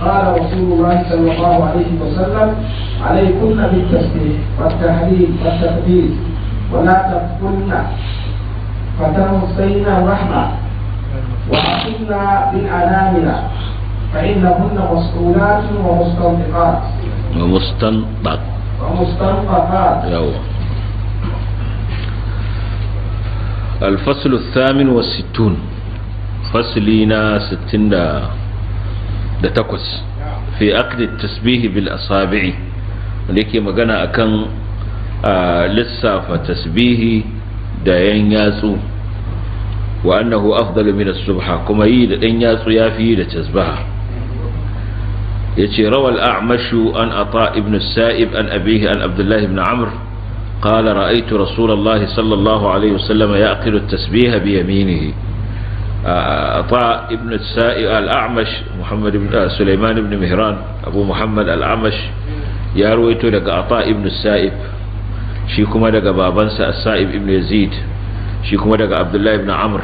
قال رسول الله صلى الله عليه وسلم عليكن بالتسبيح والتحريم والتقديس ولا تبكن فتنصينا الرحمة وأقمن بالأنامل فإنهن مسؤولات ومستنطقات ومستنطق ومستنطقات الفصل الثامن والستون فصلنا ستين da takwas fi aqdi tasbihi bil asabi'i wanda yake magana akan lissafa tasbihi da yan yatsu wa annahu afdalu min as-subha kuma yi da dan yatsu yafi da tasbaha yace rawal a'mashu an ata ibn sa'ib an abihi an abdullah ibn amr قال رأيت رسول الله صلى الله عليه وسلم يأقل التسبيح بيمينه عطاء ابن السائب الأعمش محمد بن سليمان بن مهران أبو محمد الأعمش يا رويته لك عطاء ابن السائب shi kuma daga babansa Sa'i ibn yazid shi kuma daga abdullahi ibn amr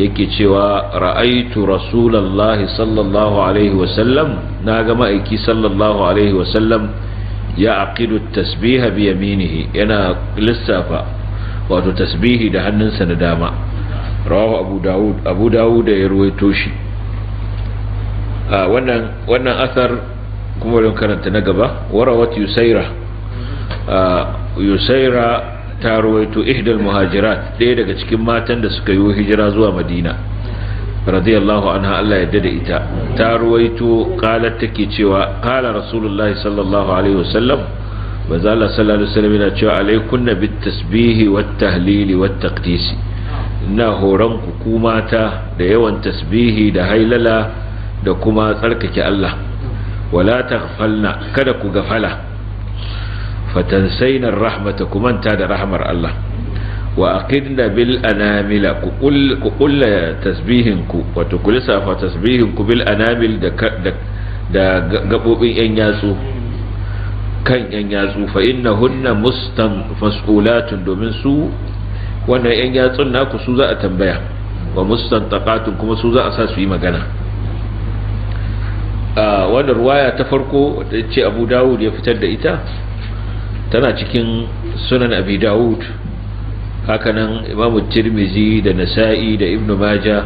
yake cewa ra'aitu rasulallahi sallallahu alaihi wasallam na ga ma'aiki sallallahu alaihi wasallam ya aqidu tasbiha bi yana lissafa wato tasbihi da hannunsa na dama rawahu abu dawud abu dawud da ya ruwaito shi a wannan asar kuma don karanta na gaba warawat yusaira yusaira ta ruwaito ihdal muhajirat ɗaya daga cikin matan da suka yi hijira zuwa madina radiyallahu anha Allah ya dada ita ta ruwaito kalar take cewa kala rasulullahi sallallahu alaihi wasallam bazala sallallahu alaihi wasallam yana cewa alaikunna bit tasbihi wat tahlili wat taqdisi na horon hukuma ta da yawan tasbihi da hailala da kuma tsarkake Allah wala taghfalna kada ku gafala fatansaina rahmata kumanta da rahmar Allah wa aqidna bil anamila ku kulla tasbihin ku kulisa fa tasbihin ku bil anamil da da gabobin yan yatsu kan yan yatsu fa innahunna mustan fasulatun domin su wannan yan yatsun naku su za a tambaya wa mustantaqatun kuma su za a sa su yi magana a wannan ruwaya ta farko da ce Abu Dawud ya fitar da ita tana cikin sunan Abi Dawud hakanan Imam Tirmidhi da Nasa'i da Ibn Majah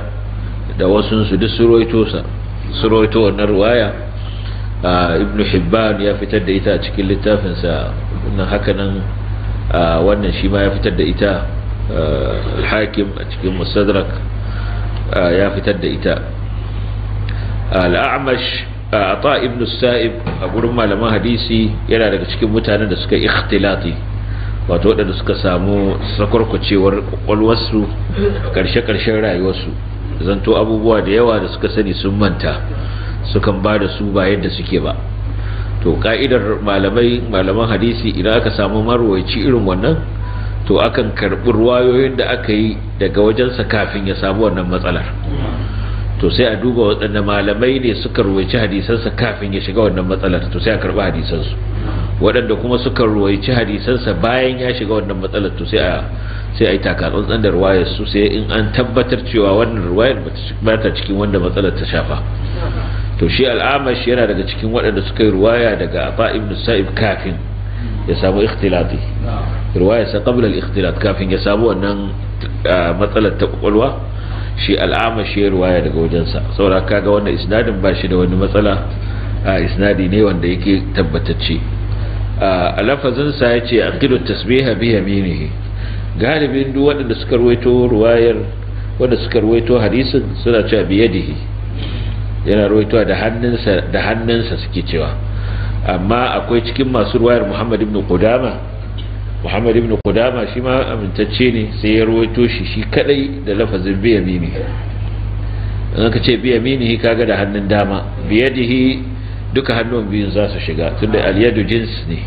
da wasu su duk surwaito sa surwaito wannan ruwaya Ibn Hibban ya fitar da ita a cikin littafinsa hakanan wannan shi ma ya fitar da ita al-hakim a cikin musadrak ya fitar da ita al-a'mash ata ibn sa'ib a gurin malaman hadisi yana daga cikin mutanen da suka ikhtilati wato waɗanda suka samu sakwarkwacewar kwakwalwarsu ƙarshe-ƙarshen rayuwarsu zanto abubuwa da yawa da suka sani sun manta sukan ba da su ba yadda suke ba to ka'idar malamai malaman hadisi idan aka samu marwaci irin wannan to akan karɓi ruwayoyin da aka yi daga wajensa kafin ya samu wannan matsalar to sai a duba waɗanda malamai ne suka ruwaici hadisansa kafin ya shiga wannan matsalar to sai a karɓi hadisansu waɗanda kuma suka ruwaici hadisansa bayan ya shiga wannan matsalar to sai a sai a yi takatsantsan da ruwayar su sai in an tabbatar cewa wannan ruwayar ba ta cikin wanda matsalar ta shafa to shi al'amash yana daga cikin waɗanda suka yi ruwaya daga aba ibn sa'ib kafin ya samu ikhtilati ruwayarsa sa qabla al-ikhtilat kafin ya samu wannan ah, matsalar ta kwakwalwa shi al'ama shi ruwaya daga wajensa saboda kaga wannan isnadin ba shi da wani matsala a isnadi ne wanda yake tabbatacce a lafazin sa yace aqidu tasbiha bi yaminihi galibin duk wanda suka ruwaito ruwayar wanda suka ruwaito hadisin suna cewa bi yadihi yana ruwaitowa da hannunsa da hannunsa suke cewa amma akwai cikin masu ruwayar Muhammad ibn Qudama muhammad ibn qudama shi ma amintacce ne sai ya rawaito shi shi kadai da lafazin bi yamini in ka ce bi yamini kaga da hannun dama bi yadihi duka hannun biyun za su shiga tunda da aliyadu jins ne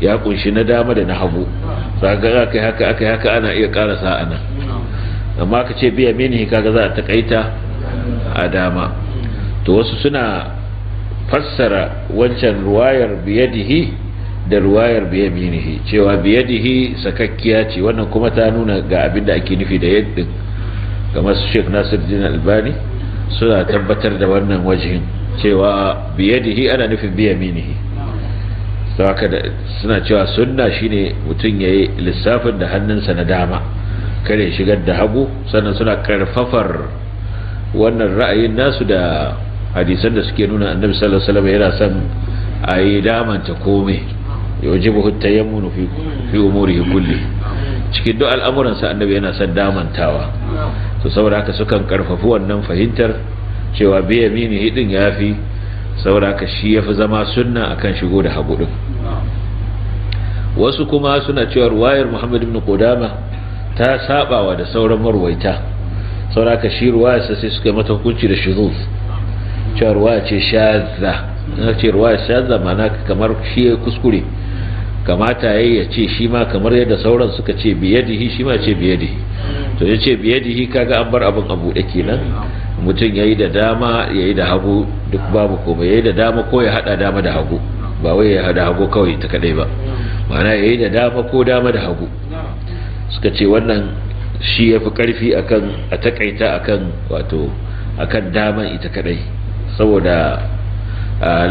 ya kunshi na dama da na hagu saka akai haka akai haka ana iya karasa nan amma ka ce bi yamini kaga za a takaita a dama to wasu suna fassara wancan ruwayar bi yadihi da ruwayar biyaminihi cewa biyadihi sakakkiya ce wannan kuma ta nuna ga abin da ake nufi da yadda kamar su sheik nasiruddin albani suna tabbatar da wannan wajihin cewa biyadihi ana nufin biyaminihi suna cewa sunna shine mutum ya yi lissafin da hannunsa na dama kare shigar da hagu sannan suna karfafar wannan ra'ayin nasu da hadisan da suke nuna annabi sallallahu alaihi wasallam yana son a yi damanta komai yujibuhu tayammunu fi fi umurihi kulli cikin duk al'amuran sa annabi yana son damantawa to saboda haka sukan karfafi wannan fahimtar cewa bi yamini hidin yafi saboda haka shi yafi zama sunna akan shigo da hagu din wasu kuma suna cewa wayar Muhammad ibn Qudama ta sabawa da sauran marwaita saboda haka shi ruwayarsa sai suka mata hukunci da shuzuz cewa ruwaya ce shazza na ce ruwaya shazza ma'ana kamar shi kuskure kamata yi ya ce shi ma kamar yadda sauran suka ce biyadihi shi ma ce biyadihi to ya ce biyadihi kaga an bar abin abu da kenan mutum ya yi da dama ya yi da hagu duk babu komai yi da dama ko ya hada dama da hagu ba wai ya hada hagu kawai ta kadai ba ma'ana yi da dama ko dama da hagu suka ce wannan shi fi karfi akan a takaita akan wato akan daman ita kadai saboda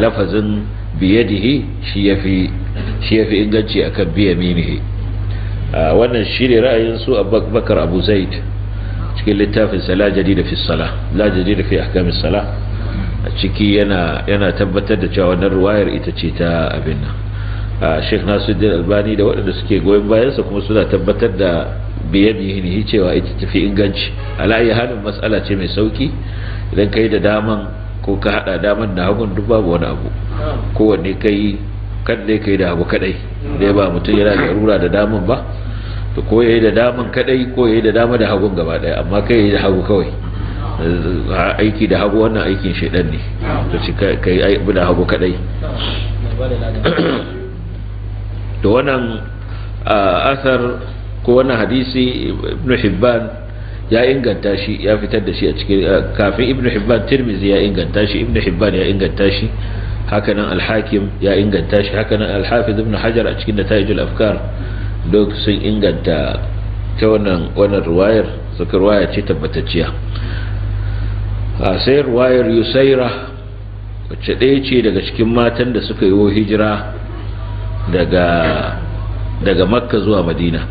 lafazin biyadihi shi yafi shi inganci akan biyaminihi ah, wannan shine ra'ayin su Abubakar Abu Zaid cikin littafin sala jadida fi sala la jadida fi ahkamis sala a ciki yana tabbatar da cewa wannan ruwayar ita ce ta abin nan ah, Sheikh Nasiruddin Albani da waɗanda suke goyon bayansa kuma suna tabbatar da biyadihi cewa ita tafi inganci ala ayi halin matsala ce mai sauki idan yi da daman ko ka hada daman da hagun duk babu wani abu kowanne kai kadai kai da abu kadai dai ba mutum yana da rura da damun ba to ko yayi da damun kadai ko yayi da dama da hagun gaba daya amma kai yayi da hagu kawai aiki da hagu wannan aikin shedan ne to shi kai abu da hagu kadai to wannan asar ko wannan hadisi ibn hibban ya inganta shi ya fitar da shi a cikin kafin ibn hibban tirmizi ya inganta shi ibn hibban ya inganta shi hakanan alhakim ya inganta shi hakanan alhafiz ibn hajar a cikin nata'ijul afkar duk sun inganta ta wannan wannan ruwayar suka ruwaya ce tabbatacciya a sai ruwayar yusaira wacce ɗaya ce daga cikin matan da suka yi hijira daga daga makka zuwa madina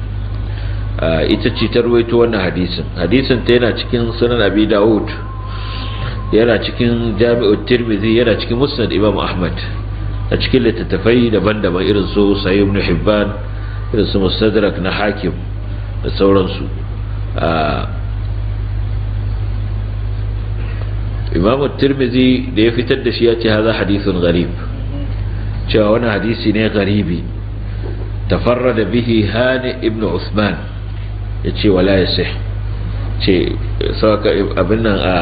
ita ce ta ruwaito wannan hadisin hadisin ta yana cikin sunan abi dawud yana cikin jami'ar tirmizi yana cikin musnad imam ahmad a cikin littattafai daban-daban irin su sayyid ibn hibban irin su mustadrak na hakim da sauransu imam tirmidhi da ya fitar da shi ya ce haza hadithun gharib cewa wani hadisi ne garibi da bihi hani ibn usman ya ce wala ya ce abin nan a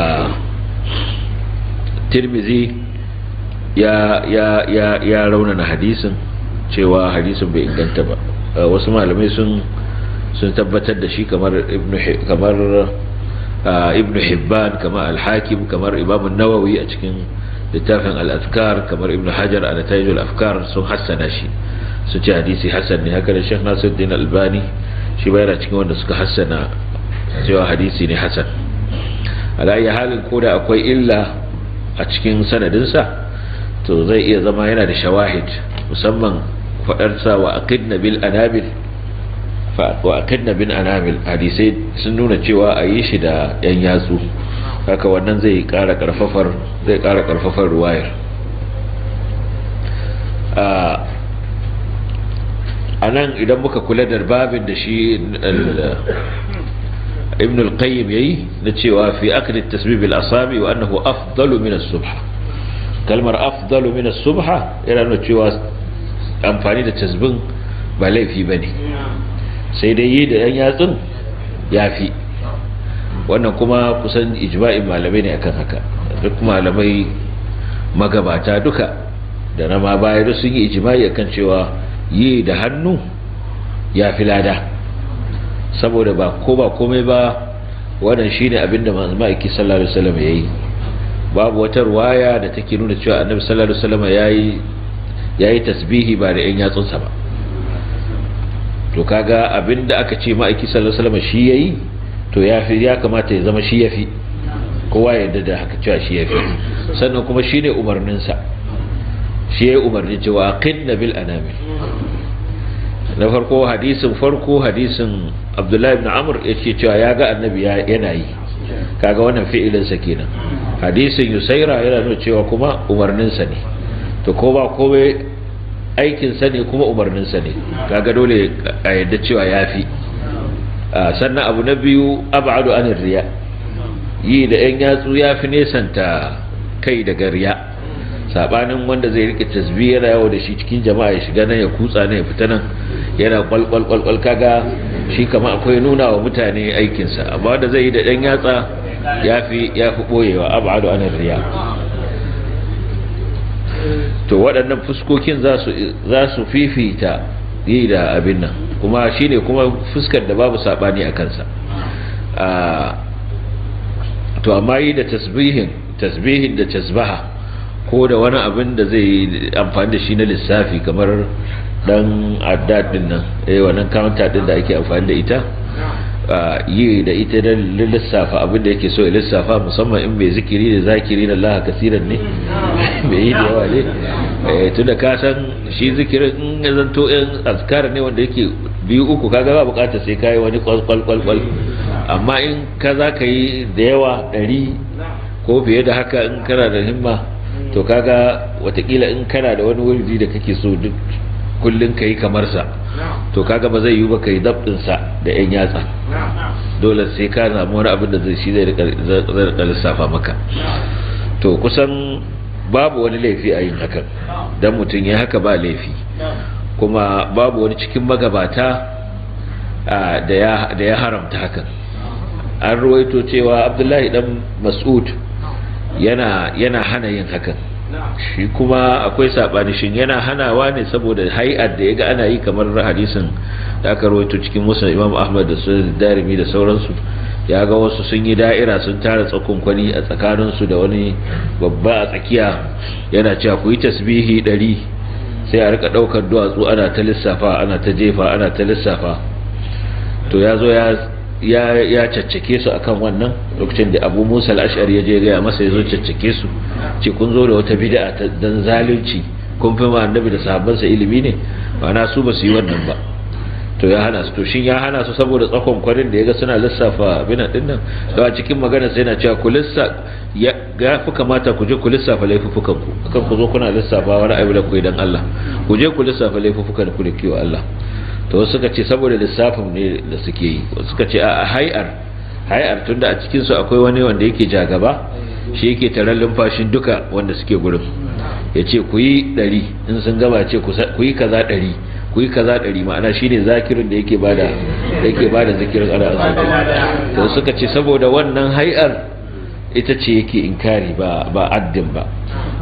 tirmizi ya rauna na hadisin cewa hadisin bai inganta ba uh, wasu malamai sun tabbatar da shi kamar ibnu uh, hibban kamar Alhakim kamar imamun nawawi a cikin littafin al'adkar kamar ibnu hajar a natayijul afkar sun hassana shi su ce hadisi hassan ne haka da sun nasiruddin albani shi bayana cikin wanda suka hassana cewa hadisi ne hassan alayi halin ko da akwai illa a cikin sanadinsa to zai iya zama yana da shawahid musamman faɗarsa wa aqidna bil anabil wa aqidna bin anabil hadisai sun nuna cewa a yi shi da yan yatsu haka wannan zai ƙara ƙarfafar zai ƙara ƙarfafar ruwayar a nan idan muka kula da babin da shi ibn ya yi na cewa fi akli tasbib al-asabi wa annahu afdalu min subha kalmar afdalu min as-subha yana nuna cewa amfani da tasbin ba laifi bane sai dai yi da yan yatsun yafi wannan kuma kusan ijma'in malamai ne akan haka duk malamai magabata duka da na ma baya sun yi ijima'i akan cewa yi da hannu ya fi lada saboda ba ko ba komai ba wannan shine abinda manzo ma'aiki sallallahu alaihi wasallam yayi babu wata ruwaya da take nuna cewa annabi sallallahu alaihi wasallam yayi yayi tasbihi ba da yan yatsunsa ba to kaga abinda aka ce ma'aiki sallallahu alaihi wasallam shi yayi to ya fi ya kamata ya zama shi ya fi kowa ya da haka cewa shi ya fi sannan kuma shine umarninsa shi yayi umarni cewa qinna bil anamil na farko hadisin farko hadisin abdullahi ibn amr yake cewa ya ga annabi yana yi kaga wannan fi'ilinsa kenan hadisin yusaira yana nuna cewa kuma umarninsa ne to ko ba kome aikinsa ne kuma umarninsa ne kaga dole a yadda cewa ya fi sannan abu na biyu abadu anir riya yi da yan yatsu ya fi nesanta kai daga riya sabanin wanda zai rike tasbiya yana yawo da shi cikin jama'a ya shiga nan ya kutsa nan ya fita nan yana kwalkwal kaga shi kama akwai nuna wa mutane aikinsa amma wanda zai yi da dan yatsa yafi yafi boyewa abadu anan riya to waɗannan fuskokin za su fifita yi da abin nan kuma shi ne kuma fuskar da babu sabani a kansa ah, to amma yi da tasbihin tasbihin da tasbaha ko da wani abin da zai amfani da shi na lissafi kamar dan addad din nan eh wannan counter din da ake amfani da ita yi da ita da lissafa abin da yake so ya lissafa musamman in mai zikiri da zakiri da Allah kasiran ne bai yi da yawa ne eh, tun da kasan shi zikirin in zanto in azkar ne wanda yake biyu uku kaga ba bukata sai kai wani kwal-kwal-kwal amma in ka za ka yi da yawa ɗari ko fiye da haka in kana da himma to kaga watakila in kana da wani wurdi da kake so duk kullun kai kamar sa to kaga ba zai yi ba kai din sa da yan yatsa dole sai ka samu wani abin da zai shi zai rika lissafa maka to kusan babu wani laifi a yin hakan dan mutum ya haka ba laifi kuma babu wani cikin magabata da ya haramta hakan an ruwaito cewa abdullahi dan mas'ud yana yana hana yin hakan shi kuma akwai sabani shin yana hanawa ne saboda hay'ar da ya ga ana yi kamar hadisin da aka rawaito cikin musa Imam Ahmad da Sunan Darimi da sauransu ya ga wasu sun yi da'ira sun tara tsakon kwani a su da wani babba a tsakiya yana cewa ku yi tasbihi ɗari sai a rika ɗaukar duwatsu ana ta lissafa ana ta jefa ana ta lissafa to ya zo ya ya caccake su akan wannan lokacin da abu musa al'ashari ya je gaya masa ya zo caccake su ce kun zo da wata bida ta dan zalunci kun fi ma annabi da sahabbansa ilimi ne ba na su ba su yi wannan ba to ya hana su to shin ya hana su saboda tsakon kwarin da ya ga suna lissafa bina din to a cikin magana sai na cewa ku lissa ya fi kamata ku je ku lissafa laifukan ku akan ku zo kuna lissafa wani abu da ku idan Allah ku je ku lissafa laifukan ku da kiwo Allah to suka ce saboda lissafin ne da suke yi suka ce a hayar hayar tunda a cikin su akwai wani wanda yake jagaba shi yake taron lumfashin duka wanda suke gurin ya ce ku yi ɗari in sun gaba ce ku yi kaza ɗari ku yi kaza ɗari ma'ana shine zakirin da yake bada da yake bada zakirin ana azabi to suka ce saboda wannan hayar ita ce yake inkari ba ba addin ba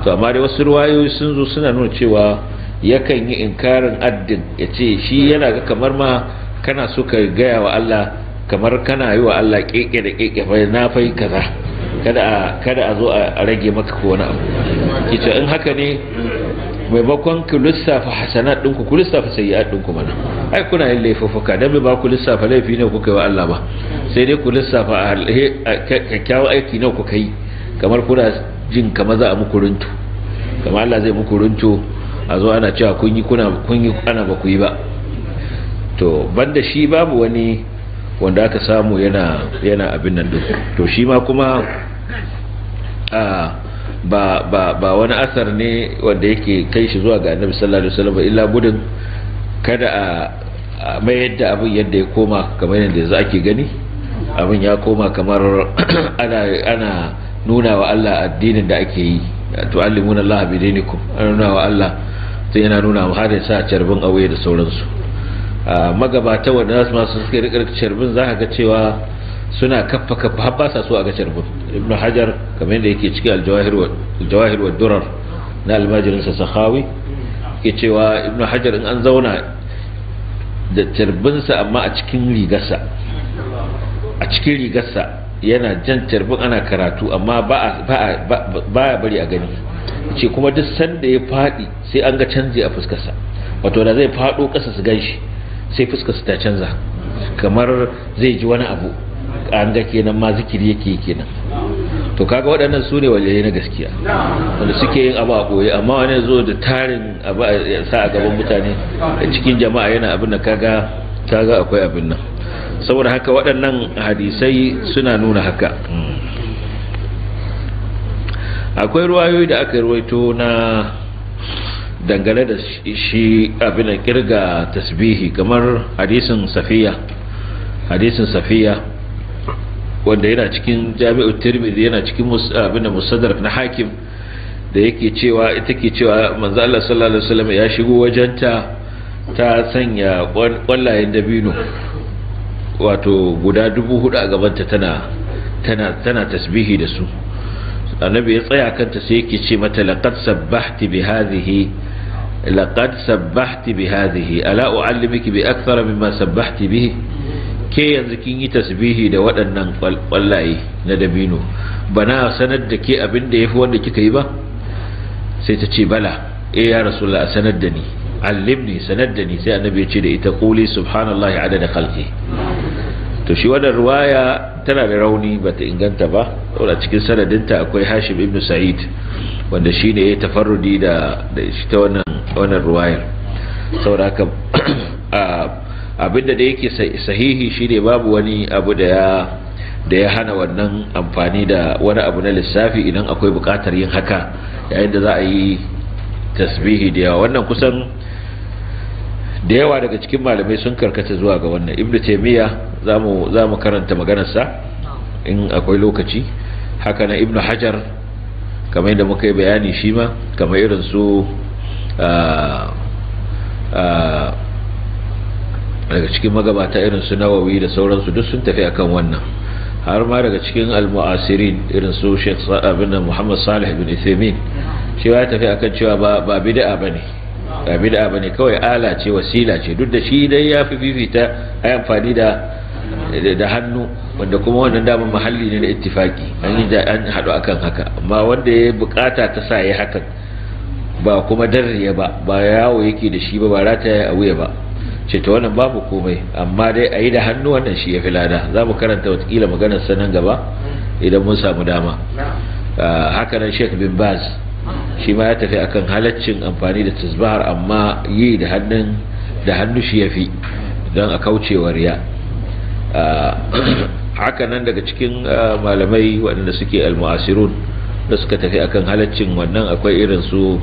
to amma dai wasu ruwayoyi sun zo suna nuna cewa yakan yi inkarin addin ya ce shi yana ga kamar ma kana so ka gaya wa Allah kamar kana yi wa Allah keke da keke fa na fai kaza kada a kada a zo a rage maka ko wani abu kice in haka ne maimakon ku lissafa hasanat ɗinku ku lissafa sayyi'at ɗinku mana ai kuna yin laifuffuka dan ba ku lissafa laifi ne kuka yi wa Allah ba sai dai ku lissafa kyakkyawan aiki ne kuka yi kamar kuna jin kamar za a muku runtu kamar Allah zai muku runtu a zo ana cewa kun yi kuna kun yi ana ba ku yi ba to banda shi babu wani wanda aka samu yana yana abin nan duk to shi ma kuma a ba ba ba wani asar ne wanda yake kai shi zuwa ga annabi sallallahu alaihi wasallam illa gudun kada a mai yadda abin yadda ya koma kamar yadda yanzu ake gani abin ya koma kamar ana ana nuna wa Allah addinin da ake yi to tu'allimuna Allah bi dinikum ana nuna wa Allah tun yana nuna mu har sa carbin aure da sauransu a magabata wanda su masu suke rikar carbin za ga cewa suna kaffa kaffa har ba sa so a ga carbin ibnu hajar kamar yadda yake cikin aljawahir wa durar na almajirinsa sahawi ke cewa ibnu hajar in an zauna da carbinsa amma a cikin rigarsa a cikin rigarsa yana jan carbin ana karatu amma ba a bari a gani ce kuma duk sanda ya faɗi sai an ga canji a fuskarsa wato da zai faɗo kasa su gan shi sai fuskarsa ta canza kamar zai ji wani abu an ga kenan ma zikiri yake kenan to kaga waɗannan su ne waliyai na gaskiya wanda suke yin abu a koyi amma wani zo da tarin abu a sa a gaban mutane cikin jama'a yana abin da kaga kaga akwai abin nan saboda haka waɗannan hadisai suna nuna haka akwai ruwayoyi da aka ruwaito na dangane da shi abin kirga tasbihi kamar hadisin safiya hadisin safiya wanda yana cikin jami'ar tirmidhi yana cikin abin da musadar na hakim da yake cewa ita ke cewa manzo Allah sallallahu alaihi wasallam ya shigo wajenta ta sanya kwallayen dabino wato guda dubu hudu a gabanta tana tana tasbihi da su annabi ya tsaya kanta sai yake ce mata laqad sabbahti bi hadhihi laqad sabbahti bi hadhihi ala u'allimiki bi akthara mimma sabbahti bihi ke yanzu kin yi tasbihi da waɗannan kwallaye na dabino bana sanar da ke abin da yafi wanda kika yi ba sai ta ce bala eh ya rasulullah sanar da ni allimni sanar da ni sai annabi ya ce da ita quli subhanallahi adada khalqi to shi wannan ruwaya tana da rauni bata inganta ba saboda cikin sanadinta akwai Hashim ibn Sa'id wanda shine ya tafarrudi da da shi ta wannan wannan ruwayar saboda haka abinda da yake sahihi shine babu wani abu da ya da ya hana wannan amfani da wani abu na lissafi idan akwai bukatar yin haka yayin da za a yi tasbihi da yawa wannan kusan da yawa daga cikin malamai sun karkata zuwa ga wannan ibnu taymiya za mu karanta maganarsa in akwai lokaci haka na ibnu hajar kamar yadda muka yi bayani shi ma kamar irin su ah, ah, daga cikin magabata irin su nawawi da sauransu duk sun tafi akan wannan har ma daga cikin almu'asirin irin su sheikh abin da muhammad salih bin ithamin shi ya tafi akan cewa ba bid'a bane ba bid'a bane kawai ala ce wasila ce duk da shi dai ya fi fifita ayi amfani da da hannu wanda kuma wannan damar mahalli ne na ittifaki an yi an haɗu akan haka amma wanda ya bukata ta sa ya hakan ba kuma darriya ba ba yawo yake da shi ba ba rata ya wuya ba ce ta wannan babu komai amma dai a yi da hannu wannan shi ya fi lada za mu karanta watakila maganar sanan gaba idan mun samu dama ah, haka nan sheik bin baz shi ma ya tafi akan halaccin amfani da tasbahar amma yi da hannun da hannu shi ya fi don a kaucewa riya Ah, haka nan daga cikin ah, malamai waɗanda suke almu'asirun da suka tafi akan halaccin wannan akwai irin su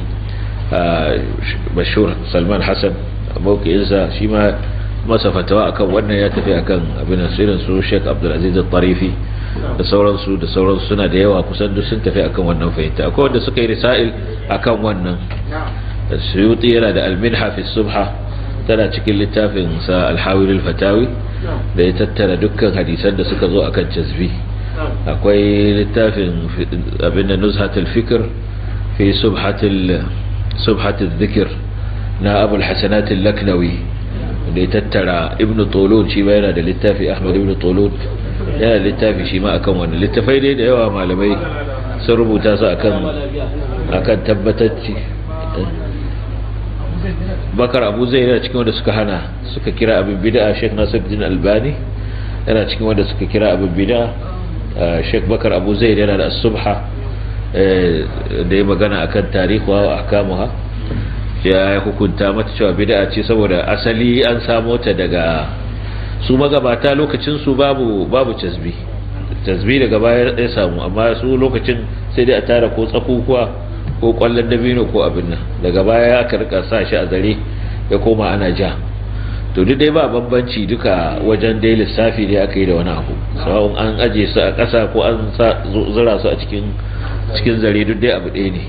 ah, bashir salman hassan abokinsa shi ma masa fatawa akan wannan ya tafi akan abin irin su sheik abdulaziz tarifi da sauransu da sauransu suna da yawa kusan duk sun tafi akan wannan fahimta akwai wanda suka yi risa'il akan wannan suyuti yana da alminha fi subha tana cikin littafin sa alhawilul fatawi da ya tattara dukkan hadisan da suka zo akan tasbih akwai littafin abinda da nuzhatul fikr fi subhatul subhatul dhikr na abul hasanat al-laknawi da ya tattara ibn tulun shi ma yana da littafi ahmad ibn tulun yana da littafi shi ma akan wannan littafai ne da yawa malamai sun rubuta su akan akan tabbatacci bakar abu zai yana cikin wanda suka hana suka kira abin bid'a sheikh nasiruddin albani yana cikin wanda suka kira abin bid'a uh, Shek bakar abu zai yana da subha eh, da ya magana a kan tarihi a kamuwa ya hukunta mata cewa bid'a ce saboda asali an samo ta daga su magabata lokacin babu babu tasbi daga baya ya samu amma su lokacin sai dai a tara ko tsakukuwa ko kwallon dabino ko abin nan daga baya aka rika sa shi a zare ya koma ana ja to duk dai ba bambanci duka wajen dai lissafi ne aka yi da wani abu sabon an aje su a ƙasa ko an zura su a cikin zare duk dai abu ɗaya ne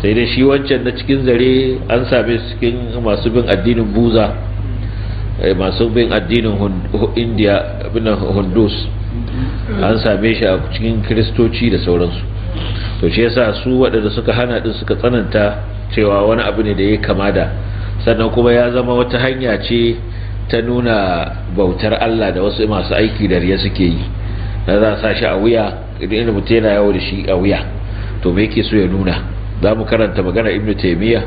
sai dai shi wancan na cikin zare an same su cikin masu bin addinin buza eh, masu bin addinin indiya binan hundus an same shi a cikin kiristoci da sauransu to shi yasa su waɗanda suka hana din suka tsananta cewa wani abu ne da ya kama da sannan kuma ya zama wata hanya ce ta nuna bautar Allah da wasu masu aiki da riya suke yi na za sa shi a wuya idan ina mutum yana yawo da shi a wuya to me yake so ya nuna za mu karanta magana ibnu taymiya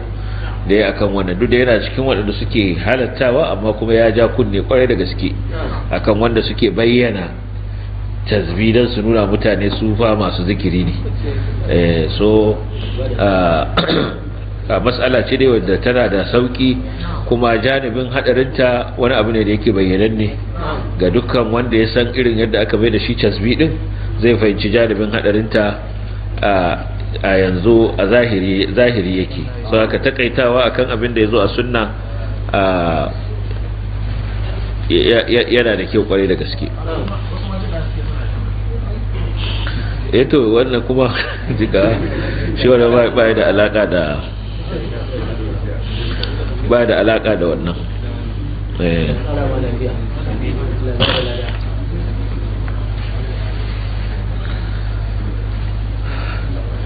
da ya akan wannan duk da yana cikin waɗanda suke halattawa amma kuma ya ja kunne kwarai da gaske akan wanda suke bayyana tasbi don su nuna mutane su fa masu zikiri ne eh, so a matsala ce dai wadda tana da sauki kuma janibin hadarinta wani abu ne da yake ne ga dukkan wanda ya san irin yadda aka bai da shi tasbi din zai fahimci janibin hadarinta a yanzu a zahiri yake so aka takaitawa akan abin da ya zo a sunna yana da kyau kwarai da gaske eto eh wannan kuma jika shi wannan ba da alaka da ba da alaka da wannan eh.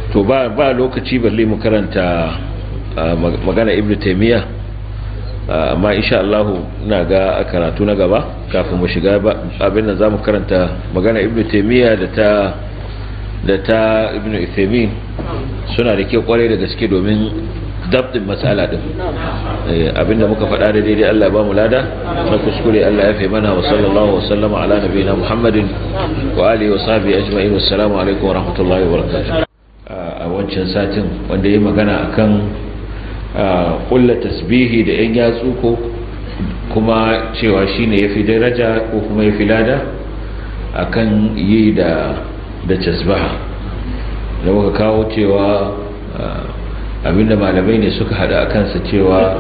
to ba ba lokaci balle mu karanta magana ibnu taymiya amma insha Allah ina ga a karatu na gaba kafin mu shiga abin nan zamu karanta magana ibnu taymiya da ta da ta ibn ifemin suna da kyau kwarai da gaske domin dabdin matsala din eh, abinda muka faɗa da daidai Allah ba mu lada na kuskure Allah ya mana wa sallallahu wa sallama ala nabiyina Muhammadin wa alihi wa sahbihi ajma'in assalamu alaikum wa rahmatullahi wa barakatuh ah, a wancan satin wanda yi magana akan kula ah, tasbihi da yan yatsu ko kuma cewa shine yafi daraja ko kuma yafi lada akan yi da da casbaha da muka kawo cewa ah, abinda malamai ne suka hada a kansa cewa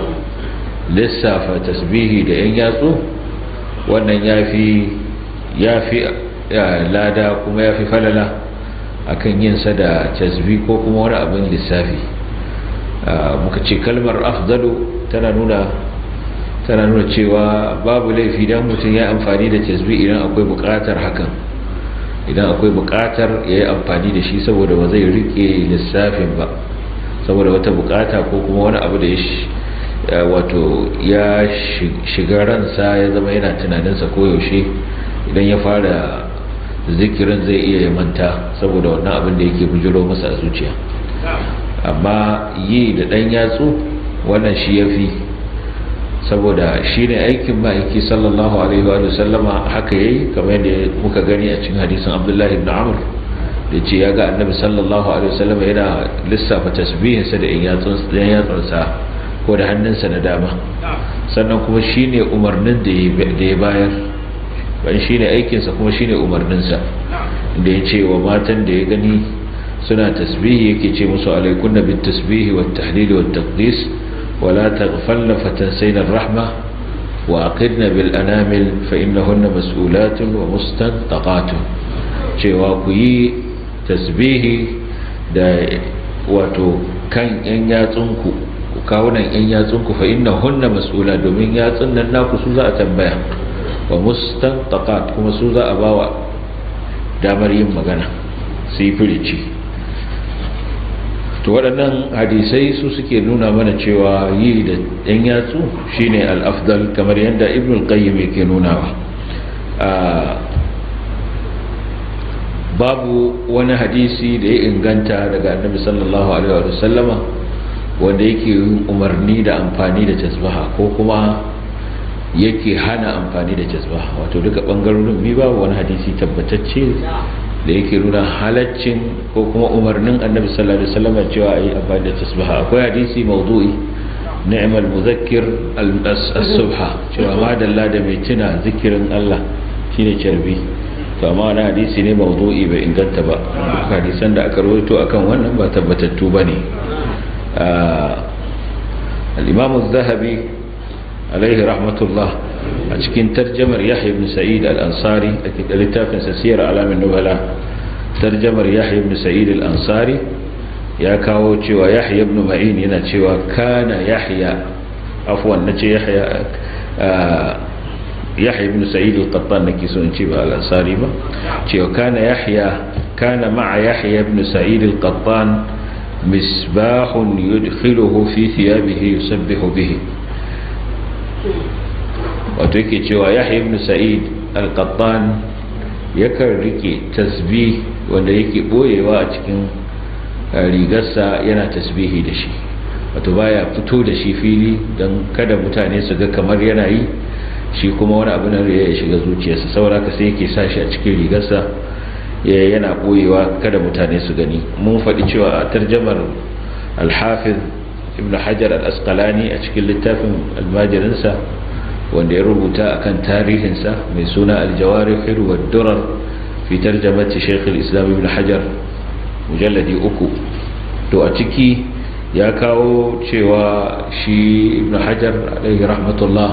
lissafa tasbihi da yan yatsu wannan ya fi lada kuma ya fi falala akan yinsa da casbi ko kuma wani abin lissafi ah, muka ce kalmar afdalu tana nuna tana nuna cewa babu laifi don mutum ya amfani da tasbi idan akwai bukatar hakan idan akwai bukatar ya yi amfani da shi saboda ba zai rike lissafin ba saboda wata bukata ko kuma wani abu da ya wato ya shiga ransa ya zama yana tunaninsa koyaushe idan ya fara zikirin zai iya ya manta saboda wannan abin da yake bujiro masa a zuciya amma yi da ɗan yatsu wannan shi ya fi saboda shi ne aikin ma'aiki sallallahu alaihi wa sallama haka yayi kamar yadda muka gani a cikin hadisin abdullahi ibn amr da ce ya ga annabi sallallahu alaihi wa sallama yana lissafa tasbihinsa da yan yatsunsa ko da hannunsa na dama sannan kuma shi ne umarnin da ya bayar ban shi ne aikinsa kuma shi ne umarninsa da ya ce wa matan da ya gani suna tasbihi yake ce musu alaikun na tasbihi wa tahlili wa taqdis ولا تغفلن فتنسين الرحمة وأقرن بالأنامل فإنهن مسؤولات ومستنطقات شواكي تسبيه دا واتو كان إن ياتنكو kawunan yan yatsunku fa inna hunna mas'ula domin yatsun nan naku su za a tambaya wa mustantaqat kuma su za a bawa damar yin magana su yi firici to waɗannan hadisai su suke nuna mana cewa yi da ɗan yatsu ne al'afdal kamar yadda ibn qayyim yake nunawa babu wani hadisi da ya inganta daga annabi sallallahu alaihi wa sallama wanda yake umarni da amfani da tasbaha ko kuma yake hana amfani da tasbaha wato duka bangarorin bi babu wani hadisi tabbatacce da yake nuna halaccin ko kuma umarnin annabi sallallahu alaihi wasallam cewa ayi amfani da tasbaha akwai hadisi mawdu'i ni'mal muzakkir as-subha cewa ma dalla da mai tuna zikirin Allah shine carbi to amma wannan hadisi ne mawdu'i bai inganta ba hadisan da aka rawaito akan wannan ba tabbatattu bane ah, al-imam az-zahabi alaihi rahmatullah a cikin tarjamar yahya ibn sa'id al-ansari cikin littafin sasiyar alamin nubala tarjamar yahya ibn sa'id al-ansari ya kawo cewa yahya ibn ma'in yana cewa kana yahya afwan nace yahya yahya ibn sa'id al-qattan nake so in ce ba al-ansari ba cewa kana yahya kana ma'a yahya ibn sa'id al-qattan misbahun yudkhiluhu fi thiyabihi yusabbihu bihi wato yake cewa yahya ibn sa'id al-qattan yakan rike tasbih wanda yake boyewa a cikin eh, rigarsa yana tasbihi da shi wato baya fito da shi fili don kada mutane su ga kamar yana yi shi kuma wani abu na ya shiga zuciyarsa saboda ka sai yake sa shi a cikin rigarsa yana boyewa kada mutane su gani mun faɗi cewa a tarjamar alhafiz ibn hajar al-asqalani a cikin littafin almajirinsa wanda ya rubuta akan tarihinsa mai suna aljawari wa durar fi tarjamati shaykh al-islam ibn hajar mujalladi uku to a ciki ya kawo cewa shi ibn hajar alaihi rahmatullah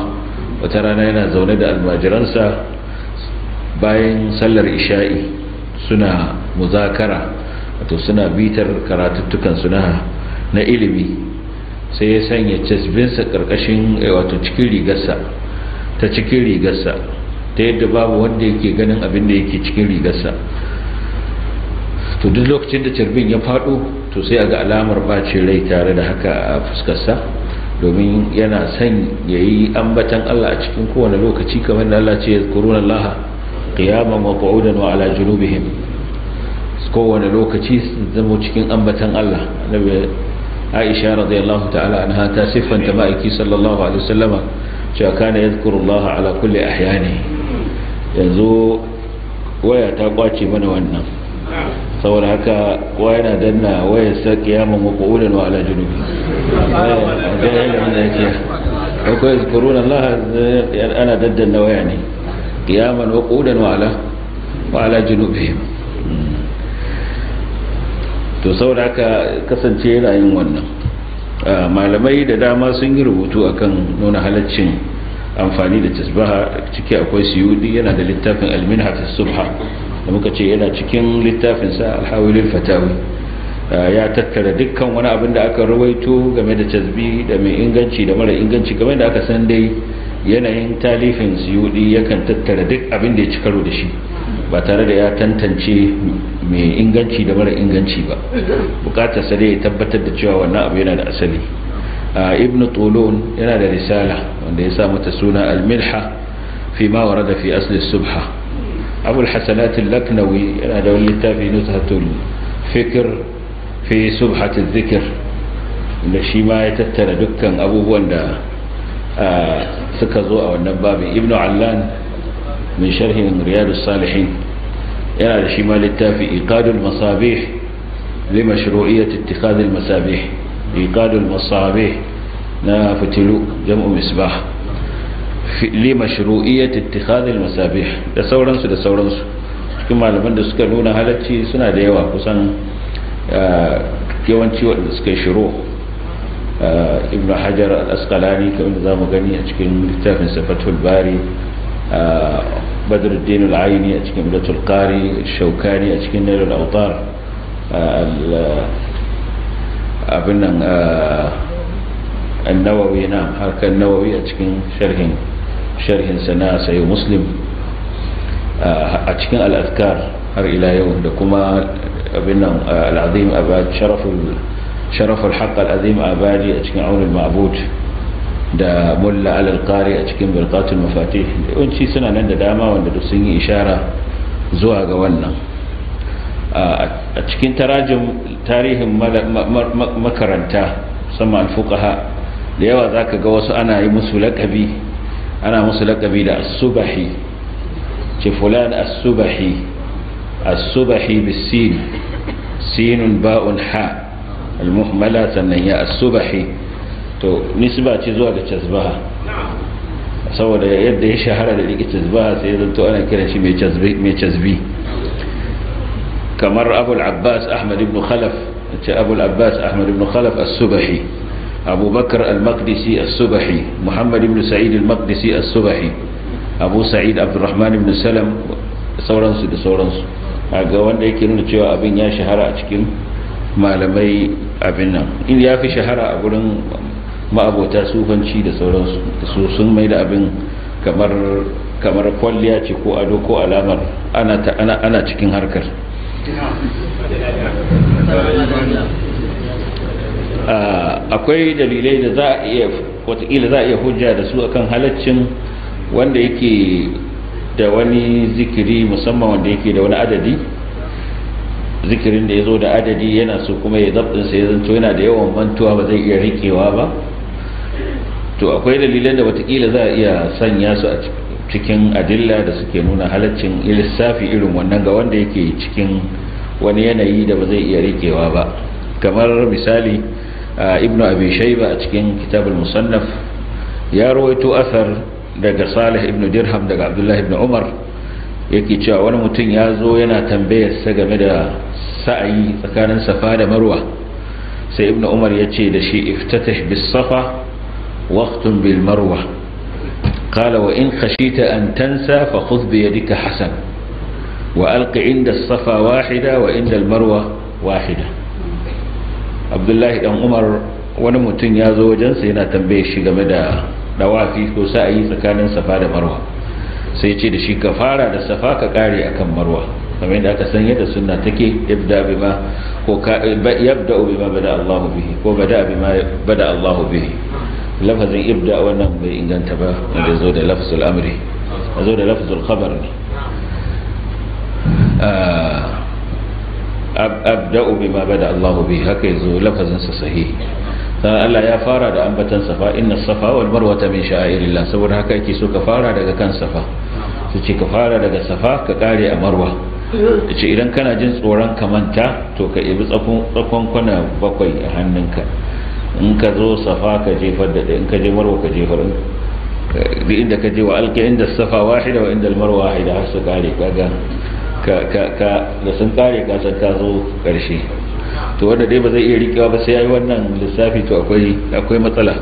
wata rana yana zaune da almajiransa bayan sallar isha'i suna muzakara wato suna bitar karatuttukansu na ilimi sai ya sanya casbinsa ƙarƙashin eh, wato cikin rigarsa ta cikin rigarsa ta yadda babu wanda yake ganin abin da yake cikin rigarsa to duk lokacin da cirbin ya fado to sai a ga alamar bacin rai tare da haka a fuskarsa domin yana son ya yi ambatan Allah a cikin kowane lokaci kamar da Allah ce ya kuruna laha ƙiyaman wa ƙa'udan wa ala junubihim kowane lokaci zama cikin ambatan Allah na aisha radiyallahu ta'ala anha ta siffanta ma'aiki sallallahu alaihi wasallama cewa kana yadhkurullaha ala kulli ahyani yanzu waya ta kwace mana wannan saboda haka kowa yana danna waya sa kiyama maqulan wa ala junubi akwai yadhkuruna Allah ana daddanna waya ne qiyaman maqulan wa ala wa ala junubihim to saboda haka kasance yana yin wannan Uh, malamai da dama sun yi rubutu akan nuna halaccin amfani da tasbaha ciki akwai siyudi yana da littafin alminhaf subha da muka ce yana cikin littafin sa alhawilul fatawi uh, ya tattara dukkan wani abin da aka rawaito game da tasbi da mai inganci da mara inganci game da aka san dai yanayin talifin siyudi yakan tattara duk abin da ya ci karo da shi ba tare da ya tantance mai inganci da mara inganci ba bukatar sa dai ya tabbatar da cewa wannan abu yana da asali ibn tulun yana da risala wanda ya sa mata suna al-milha fi ma fi asli subha abu al laknawi yana da wani littafi nuzhatul fikir fi subhat adh da shi ma ya tattara dukkan abubuwan da suka zo a wannan babin ibn allan min sharhin riyadu salihin yana da shi ma littafi iqadul masabih li mashru'iyyat ittikhadh al masabih iqadul masabih na fitilu jam'u misbah li mashru'iyyat ittikhadh al masabih da sauransu da sauransu cikin malaman da suka nuna halacci suna da yawa kusan yawanci waɗanda suka yi shiro ibn hajar al-asqalani kamar da za gani a cikin littafin safatul bari badruddin al-aini a cikin bidatul qari shaukani a cikin nailul autar abin nan annawawi na harkar nawawi a cikin sharhin sharhin sana sayi muslim a cikin al'adkar har ila yau da kuma abin nan al'azim abad sharafin sharafin haƙƙa al'azim abadi a cikin aunin ma'abud da mulla qari a cikin birqatul mafatih yawanci suna nan da dama wanda duk sun yi ishara zuwa ga wannan a cikin tarajin tarihin makaranta sama fukaha da yawa zaka ga wasu ana yi musu laƙabi ana musu laqabi da as-subahi ce fulan asubahi asubahi bisin sinun ba'un ha al muhmala sannan ya as-subahi to nisba ce zuwa ga cazbaha saboda yadda ya shahara da riƙe cazbaha sai ya zanto ana kiran shi mai cazbi kamar abul abbas ahmad ibn khalaf ce abul abbas ahmad ibn khalaf as-subahi abubakar al-maqdisi as-subahi muhammad ibn sa'id al-maqdisi as-subahi abu sa'id abdurrahman ibn salam sauransu da sauransu ga wanda yake nuna cewa abin ya shahara a cikin malamai abin nan in ya fi shahara a gurin ma'abota sufanci da sauransu sun mai da abin kamar kwalliya ce ko ado ko alamar ana cikin harkar akwai dalilai da za a iya wataƙila za a iya hujja da su akan halaccin wanda yake da wani zikiri musamman wanda yake da wani adadi zikirin da ya zo da adadi yana su kuma ya zaɓinsa ya zanto yana da yawan mantuwa ba zai iya riƙewa ba to akwai dalilai da watakila za a iya sanya su a cikin adilla da suke nuna halaccin lissafi irin wannan ga wanda yake cikin wani yanayi da ba zai iya rikewa ba kamar misali ibnu abi shaiba a cikin kitabul musannaf ya rawaito asar daga salih ibnu dirham daga abdullahi ibnu umar yake cewa wani mutum ya zo yana tambayarsa game da sa'ayi tsakanin safa da marwa sai ibnu umar ya ce da shi iftatash bis safa واختم بالمروة قال وإن خشيت أن تنسى فخذ بيدك حسن وألق عند الصفا واحدة وعند المروة واحدة عبد الله بن عمر wani mutum ya zo wajensa yana tambaye shi game da dawafi ko sa'ayi tsakanin safa da marwa sai ce da shi ka fara da safa ka kare akan marwa kamar da aka san yadda sunna take ibda bima ko yabda bima bada Allahu bihi ko bada bima bada Allahu bihi lafazin ibda wannan bai inganta ba wanda zo da lafazul amri zo da lafazul khabar ne ah, abda'u bima bada Allahu bi haka yazo lafazin sa sahihi dan Allah ya fara da ambatan safa inna safa wal marwa ta min sha'airillah saboda haka yake so ka fara daga kan safa su ce ka fara daga safa ka kare a marwa ce idan kana jin tsoron ka manta to ka ibi tsakon kwana bakwai a hannunka in ka zo safa ka jefar da in ka je marwa ka jefar da inda ka je wa alki inda safa wahida wa inda marwa wahida har su kare kaga da sun kare ka san ka zo ƙarshe. to wanda dai ba zai iya rikewa ba sai ya yi wannan lissafi to akwai akwai matsala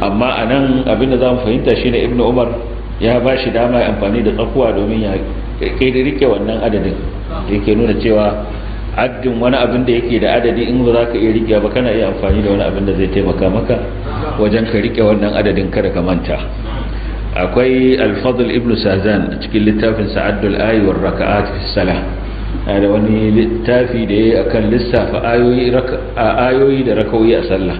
amma nan abin da zamu fahimta shi ne ibnu umar ya ba shi dama amfani da tsakuwa domin ya da rike wannan adadin da ke nuna cewa addin wani abin da yake da adadi in ba za ka iya rike ba kana iya amfani da wani abin da zai taimaka maka wajen ka rike wannan adadin kada ka manta akwai alfadul ibn sazan a cikin littafin sa'adul ayi war raka'at fi salah da wani littafi da yayi akan lissafa ayoyi ayoyi da rakawi a sallah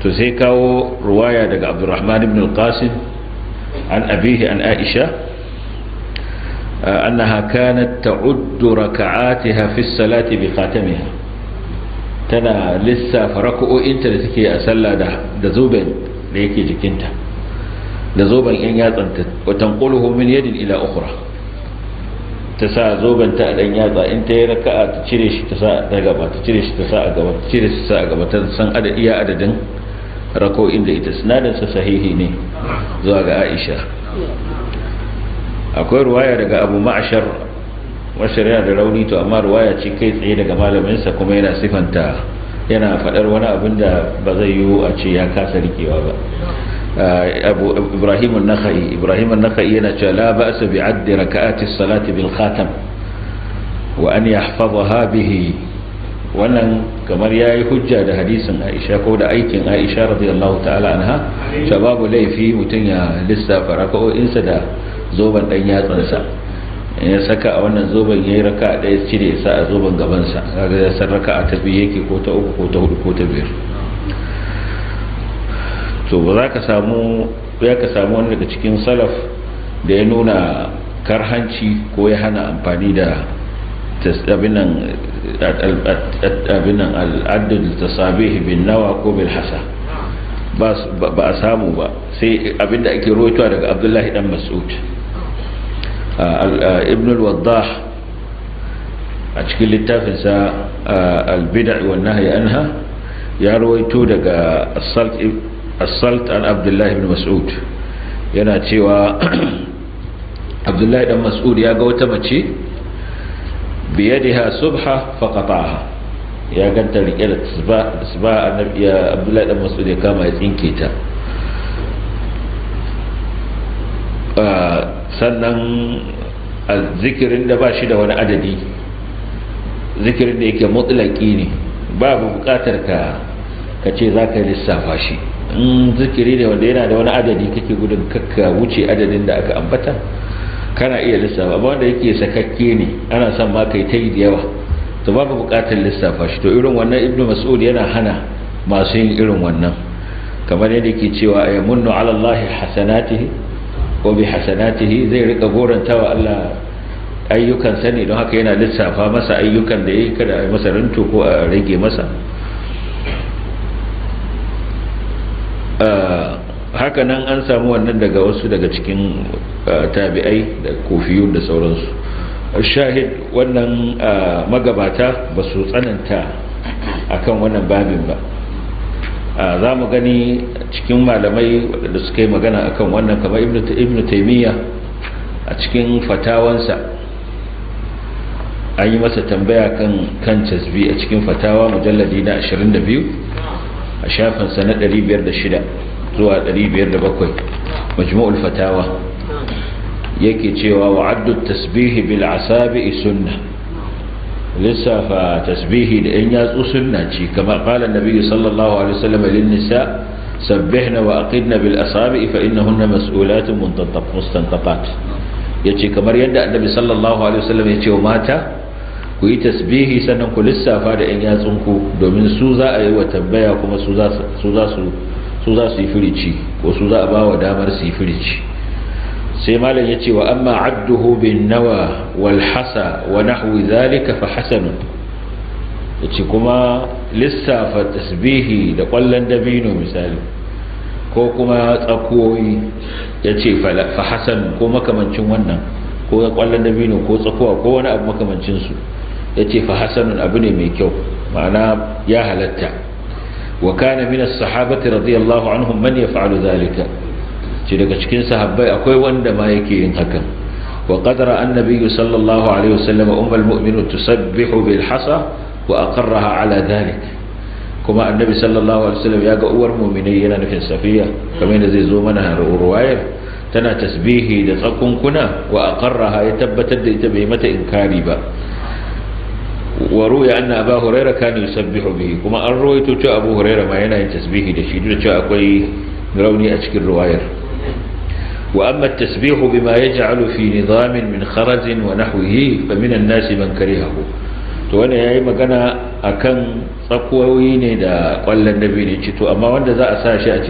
to sai kawo ruwaya daga abdurrahman ibn al-qasim an abihi an aisha أنها كانت تعد ركعاتها في الصلاة بخاتمها تنا لسه فركو انت da take a sallah da zoben da yake jikinta da zoben yan yatsanta wa tanquluhu min ila ukhra ta sa zoben ta dan yatsa in ta yi raka'a ta cire shi ta sa ta san iya adadin rako'in da ita sinadinsa sahihi ne zuwa ga Aisha akwai ruwaya daga abu ma'ashar wasu yana da rauni to amma ruwaya ce kai tsaye daga malaminsa kuma yana sifanta yana faɗar wani abin da ba zai yiwu a ce ya kasa rikewa ba ah, abu ibrahim an-nakhai ibrahim an-nakhai yana cewa la ba'sa bi addi raka'ati salati bil khatam wa an bihi wannan kamar yayi hujja da hadisin Aisha ko da aikin Aisha radiyallahu ta'ala anha cewa babu laifi mutun ya lissafa raka'o'insa da zoban dan yatsunsa ya saka a wannan zoban ya yi raka a ɗaya cire sa a zoben gabansa kaga ya san raka a ta biyu yake ko ta uku ko ta hudu ko ta biyar to ba za ka samu ya ka samu wani daga cikin salaf da ya nuna karhanci ko ya hana amfani da abinan al'adun tasabih bin nawa ko bil hasa ba a samu ba sai abinda ake roitowa daga abdullahi dan mas'ud ibn al-waddah a cikin littafinsa al-bid'a wa nahyi anha ya rawaito daga as-salt an abdullahi ibn mas'ud yana cewa abdullahi Ibn mas'ud ya ga wata mace biyadiha subha faqata'aha ya ganta rike da tsba tsba annabi ya abdullahi Ibn mas'ud ya kama ya tsinke ta sannan zikirin da ba shi da wani adadi zikirin da yake mutulaki ne babu bukatar ka ce za ka lissafa shi in zikiri ne wanda yana da wani adadi kake gudun kakka wuce adadin da aka ambata kana iya lissafa amma wanda yake sakakke ne ana son ma kai ta yi da yawa to babu bukatar lissafa shi to irin wannan ibnu mas'ud yana hana masu yin irin wannan kamar yadda yake cewa ayamunnu ala allahi hasanatihi ko bi hasanatihi zai rika gorantawa Allah ayyukan sani don haka yana lissafa masa ayyukan da yake kada masa rinto ko a rage masa haka nan an samu wannan daga wasu daga cikin tabi'ai da kofiyu da sauransu shahid wannan magabata ba su tsananta akan wannan babin ba za mu gani cikin malamai da suka yi magana a kan wannan kamar ibn taimiyya a cikin fatawansa an yi masa tambaya kan kan tasbi a cikin fatawa mujalladi na 22 a shafinsa na 506 zuwa 507 majmu'ul fatawa yake cewa wa'addu tasbihi bil asabi sunna lissafa tasbihi da yan yatsu sunna ce kama qala annabi sallallahu alaihi wasallam lin nisa sabbihna wa aqidna bil asabi fa innahunna mas'ulatun muntantaqat yace kamar yadda annabi sallallahu alaihi wasallam yace wa mata ku yi tasbihi sannan ku lissafa da yan yatsun ku domin su za a yi wa tambaya kuma su za su su za su yi firici ko su za a ba wa damar su yi firici sai malam ce wa amma adduhu bin nawa wal hasa wa nahwi zalika fa hasanun yace kuma lissafa tasbihi da kwallon dabino misali ko kuma tsakoyi yace fa hasan ko makamancin wannan ko kwallon dabino ko tsakowa ko wani abu makamancin su yace fa hasanun abu ne mai kyau ma'ana ya halatta wa kana min as-sahabati radiyallahu anhum man yaf'alu zalika ce daga cikin sahabbai akwai wanda ma yake yin hakan wa qadara annabi sallallahu alaihi wasallam ummul mu'minu tusabbihu bil hasa wa aqarraha ala dhalik kuma annabi sallallahu alaihi wasallam ya ga uwar mu'minai yana nufin safiya kamar da zai zo mana ruwayar tana tasbihi da tsakunkuna wa aqarraha ya tabbatar da ita bai mata inkari ba wa ruya anna abu huraira kana yusabbihu bihi kuma an ruwaito cewa abu huraira ma yana yin tasbihi da shi duk da cewa akwai rauni a cikin ruwayar وأما التسبيح بما يجعل في نظام من خرز ونحوه فمن الناس من كرهه to wani ya yi magana a kan tsakowi ne da kwallon dabi ne to amma wanda za a sa shi a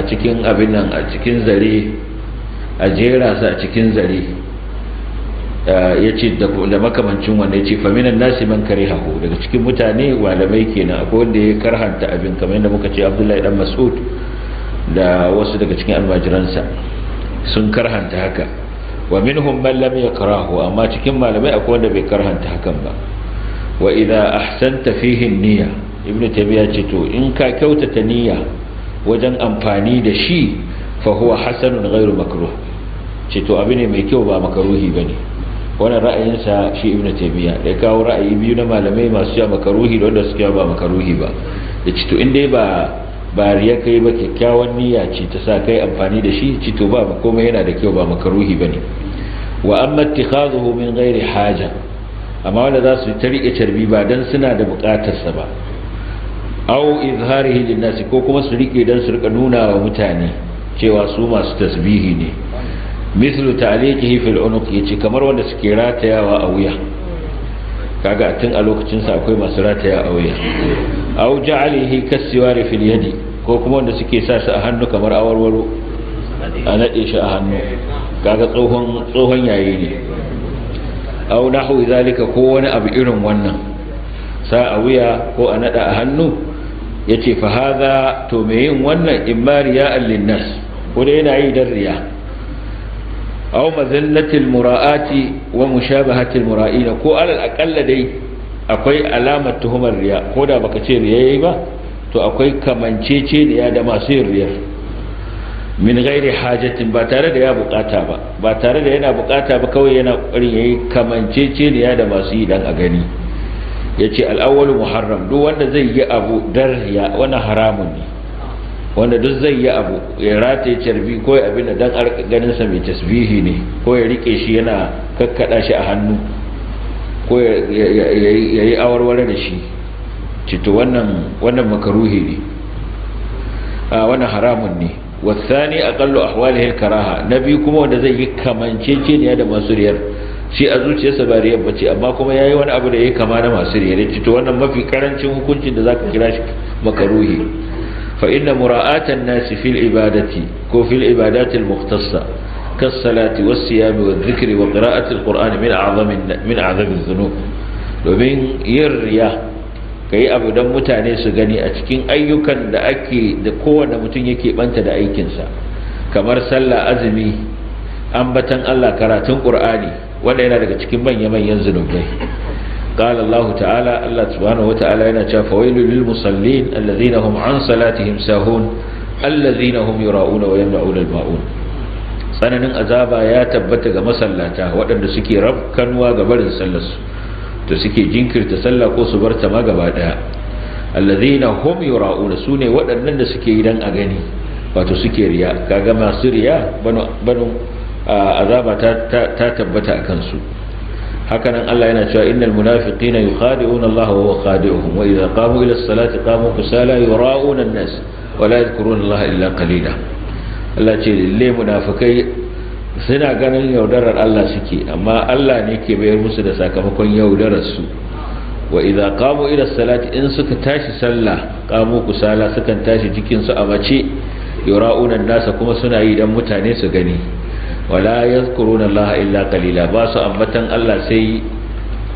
cikin abin nan a cikin zare a jera su a cikin zare ya ce da makamancin wanda ya ce faminan nasi man kare haku daga cikin mutane walamai kenan akwai wanda ya karhanta abin kamar yadda muka ce abdullahi dan mas'ud da wasu daga cikin almajiransa sun karhanta haka wa minhum man lam yakrahu amma cikin malamai akwai wanda bai karhanta hakan ba wa idza ahsanta fihi niyya ibnu tabiya ce to in ka kyautata niyya wajen amfani da shi fa huwa hasanun ghairu makruh ce to abu ne mai kyau ba makaruhi bane wannan ra'ayinsa shi ibnu tabiya da kawo ra'ayi biyu na malamai masu ya makaruhi da wanda suke ba makaruhi ba da ce to in dai ba ba ya kai ba kyakkyawan niyya ce ta sa kai amfani da shi ci to ba komai yana da kyau ba makaruhi ne. wa amma ittikhazuhu min ghairi haja amma wanda za su ta rike carbi ba dan suna da bukatar sa ba au izharihi lin nasi ko kuma su rike dan su rika nuna wa mutane cewa su masu tasbihi ne mislu ta'liqihi fil unuq yace kamar wanda suke ratayawa a wuya kaga tun a lokacin sa akwai masu rataya a wuya aw ja'alihi kas-siwari fil yadi ko kuma wanda suke sa shi a hannu kamar awarwaro a nade shi a hannu kaga tsohon tsohon yayi ne aw nahwi zalika ko wani abu irin wannan sa a wuya ko a nada a hannu yace fa hadha to me yin wannan imariya lin-nas ko dai yana yi dan riya aw mazallatil mura'ati wa mushabahatil mura'ina ko alal aqalla dai akwai alamar tuhumar riya ko da baka ce riya yayi ba to akwai kamancece da ya da masu yin riyar min gairi hajatin ba tare da ya bukata ba ba tare da yana bukata ba kawai yana kokarin yayi kamancece da ya da masu yi dan a gani yace al awwal muharram duk wanda zai yi abu dar riya wannan haramun ne wanda duk zai yi abu ya rataye carbi ko ya abin da dan ganin sa mai tasbihi ne ko ya rike shi yana kakkada shi a hannu ko ya yi awarware da shi cito wannan makaruhi ne a wannan haramun ne wasani aƙallu ahwalihil karaha na biyu kuma wanda zai yi kamanceceniya da masu riyar shi a zuciyarsa ba riyar bace amma kuma ya yi wani abu da ya yi kama na masu riyar ya cito wannan mafi karancin hukuncin da za ka kira shi makaruhi fa inna mura'atan nasi fil ibadati ko fil ibadatil muhtassa كالصلاة والصيام والذكر وقراءة القرآن من أعظم من domin yin riya يريا kai abu don mutane su gani a cikin ayyukan da ake da kowane mutum yake banta da aikinsa kamar sallah azumi ambatan allah karatun ƙur'ani wanda yana daga cikin manya-manyan zunubai ƙala allahu ta'ala allah subhanahu wa ta'ala yana cewa fawailu lil musallin allazina hum an salatihim sahun allazina hum yura'una wa yamna'una al-ma'un tsananin azaba ya tabbata ga masallata waɗanda suke rafkanwa ga barin sallarsu to suke jinkirta sallah ko su barta ma gaba daya allazina hum yura'una sune waɗannan da suke idan a gani wato suke riya kaga masu riya banu banu azaba ta tabbata akan su hakanan Allah yana cewa innal munafiqina yukhadi'una Allah wa huwa khadi'uhum wa idza qamu ila as-salati qamu kusala yura'una an-nas wa la yadhkuruna Allah illa qalilan Allah ce lalle munafikai suna ganin yaudarar Allah suke amma Allah ne ke bayar musu da sakamakon yaudarar su wa idza qamu ila salati in suka tashi sallah qamu kusala sukan tashi jikin su a mace yura'una nasa kuma suna yi dan mutane su gani wala yazkuruna Allah illa qalila ba su ambatan Allah sai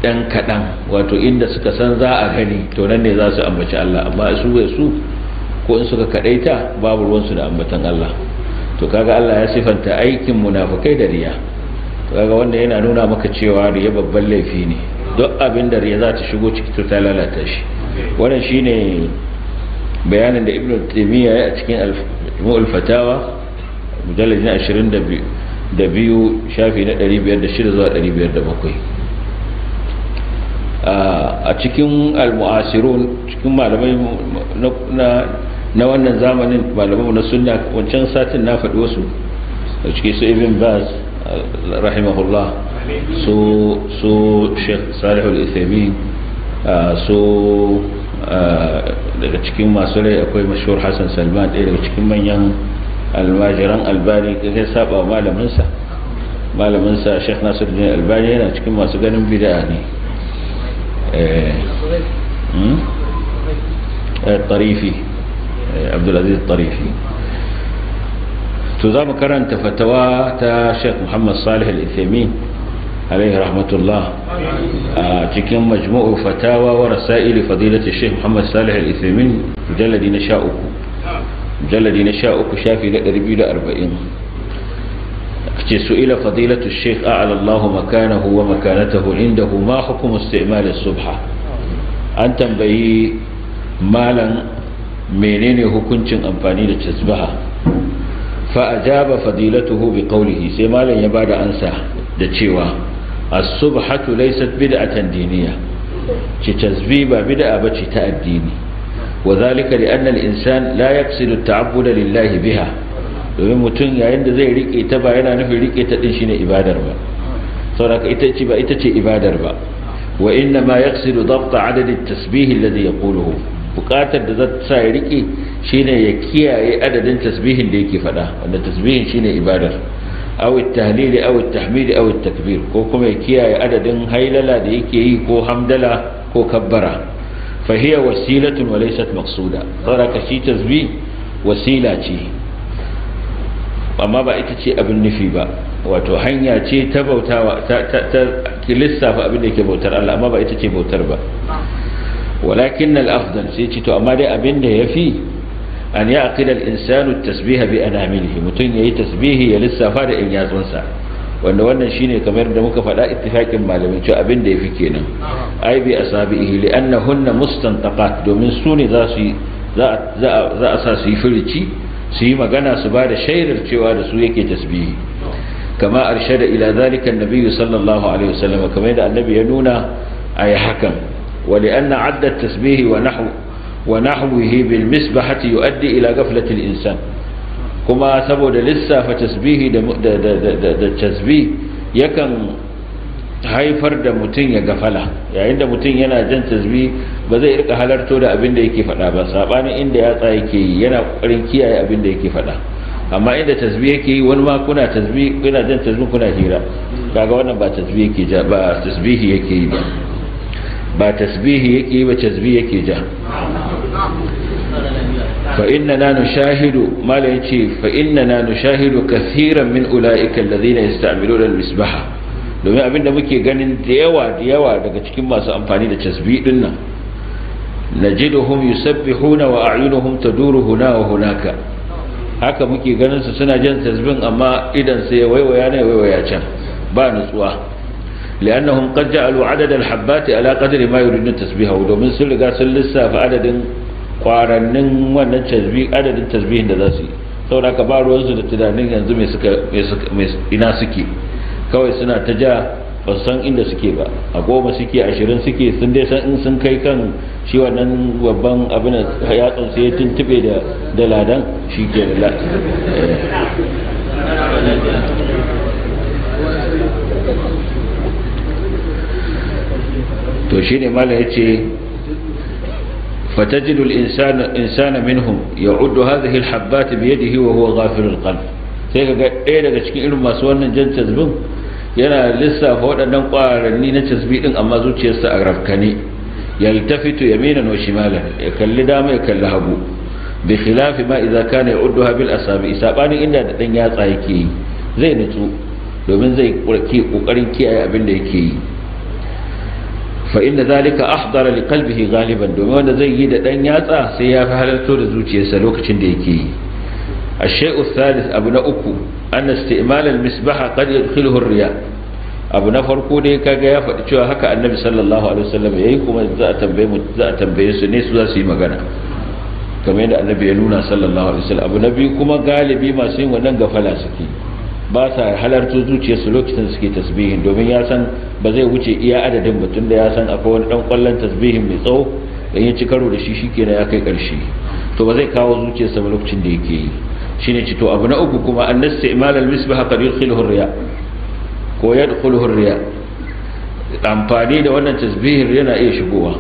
dan kadan wato inda suka san za a gani to nan ne za su ambaci Allah amma su bai su ko in suka kadaita babu ruwan su da ambatan Allah to kaga Allah ya sifanta aikin munafukai da riya to kaga wanda yana nuna maka cewa riya babban laifi ne duk abin da riya za ta shigo ciki to ta lalata shi wannan shine bayanin da Ibn Taymiyyah ya a cikin al fatawa mujallad na 22 da biyu shafi na 506 zuwa 507 a cikin al al-mu'asirun cikin malamai na na wannan zamanin malamu na sunna wancan satin na faɗi wasu a cikin su ibn baz uh, rahimahullah su su sheikh salihul ithami uh, su uh, daga cikin masu rai akwai mashhur hassan salman ɗaya daga cikin manyan almajiran albani ke saba malaminsa malaminsa sheikh nasir jini albani yana cikin masu ganin bida ne eh, hmm? eh, tarifi abdulaziz tarifi to za mu karanta fatawa ta sheikh muhammad salih al-ithami alaihi rahmatullah a cikin majmu'u fatawa wa rasaili fadilati sheikh muhammad salih al-ithami mujalladi na 13 mujalladi na 13 shafi na 240 ce su'ila fadilatu sheikh a'ala Allah makanahu wa makanatahu indahu ma hukum isti'mal as-subha an tambayi malan menene hukuncin amfani da tasbaha fa ajaba fadilatuhu bi qawlihi sai malam ya bada ansa da cewa as-subhatu laysat bid'atan diniya ce tasbih ba bid'a bace ta addini wa zalika li anna al-insan la yaqsidu at-ta'abbud lillahi biha domin mutum yayin da zai rike ta ba yana nufin rike ta din shine ibadar ba saboda ita ce ba ita ce ibadar ba wa inna ma yaqsidu dabta adad at-tasbih alladhi yaquluhu bukatar da za ta ya rike shine ya kiyaye adadin tasbihin da yake fada wanda tasbihin shine ibadar aw at-tahlil aw at takbir ko kuma ya kiyaye adadin hailala da yake yi ko hamdala ko kabbara fa hiya wasilatun wa laysat maqsuda saraka shi tasbih wasila ce amma ba ita ce abin nufi ba wato hanya ce ta bautawa ta lissafa abin da ke bautar Allah amma ba ita ce bautar ba walakin Nal afdal sai ce to amma dai abin da yafi an yaqila al-insanu at-tasbiha bi mutum ya yi tasbihi ya lissafa da in yatsunsa wanda wannan shine kamar da muka faɗa ittifaqin malamai cewa abin da yafi kenan ai bi asabihi li'annahunna mustantaqat domin su ne za su za za a sa su yi firici su yi magana su ba da shaidar cewa da su yake tasbihi kama arshada ila zalika annabi sallallahu alaihi wasallam kamar da annabi ya nuna ayi hakan ولأن عد التسبيح ونحو ونحوه بالمسبحة يؤدي إلى غفلة الإنسان كما سبب لسا فتسبيه دا, دا, دا, دا, دا تسبيه يكن haifar da mutum ya gafala yayin da mutum yana jan tasbi ba zai rika halarto da abin da yake fada ba sabanin inda yatsa yake yi yana kokarin kiyaye abin da yake fada amma inda tasbi yake yi wani ma kuna tasbih kuna jan tasbi kuna hira kaga wannan ba tasbih yake ba tasbihi yake yi ba ba tasbihi yake ba tasbihi yake ja fa inna na nushahidu malai yace fa inna na nushahidu kasiran min ulaika alladhina yasta'miluna da misbaha domin abinda muke ganin da yawa da yawa daga cikin masu amfani da tasbih din nan najiduhum yusabbihuna wa a'yunuhum taduru huna wa hunaka haka muke ganin su suna jan tasbin amma idan sai waiwaya na waiwaya can ba nutsuwa li'annahum qad ja'alu adad al-habbati ala qadri ma yuridun tasbihahu domin sun riga sun lissafa adadin kwarannin wannan adadin tasbihin da zasu yi saboda ka ba ruwan su da tunanin yanzu me ina suke kawai suna ta ja ba san inda suke ba a goma suke ashirin suke sun dai san in sun kai kan shi wannan babban abin da ya tsunsa ya tuntube da ladan shi ke da to shi ne mala ya ce فتجد الإنسان إنسان منهم يعد هذه الحبات da وهو غافل القلب sai ka ga ɗaya daga cikin irin masu wannan jan casbin yana lissafa waɗannan kwararanni na casbi ɗin amma zuciyarsa a rafkane yaltafitu yaminan wa shimalan ya kalli dama ya kalli hagu bi khilafi ma idza kana ya'uddu bil asabi sabani inda da dan yatsa yake yi zai nutsu domin zai ƙoƙarin kiyaye abin da yake yi fa’in da zalika ahdara li kalbihi galiban domin wanda zai yi da ɗan yatsa sai ya fi halarto da zuciyarsa lokacin da yake yi a shai'u salis abu na uku an isti'malal misbaha qad yadkhiluhu riya abu na farko dai kaga ya faɗi cewa haka annabi sallallahu alaihi wasallam yayi kuma za a za a tambaye su ne su za su yi magana kamar yadda annabi ya nuna sallallahu alaihi wasallam abu na biyu kuma galibi masu yin wannan gafala suke ba sa halarto zuciyarsu lokacin suke tasbihin domin ya san ba zai wuce iya adadin mutum da ya san akwai wani dan kwallon tasbihin mai tsawo da ya ci da shi shikenan ya kai karshe to ba zai kawo zuciyarsa ba lokacin da yake yi shine ci abu na uku kuma annas imal al misbah qad yudkhiluhu riya ko riya amfani da wannan tasbihin yana iya shigowa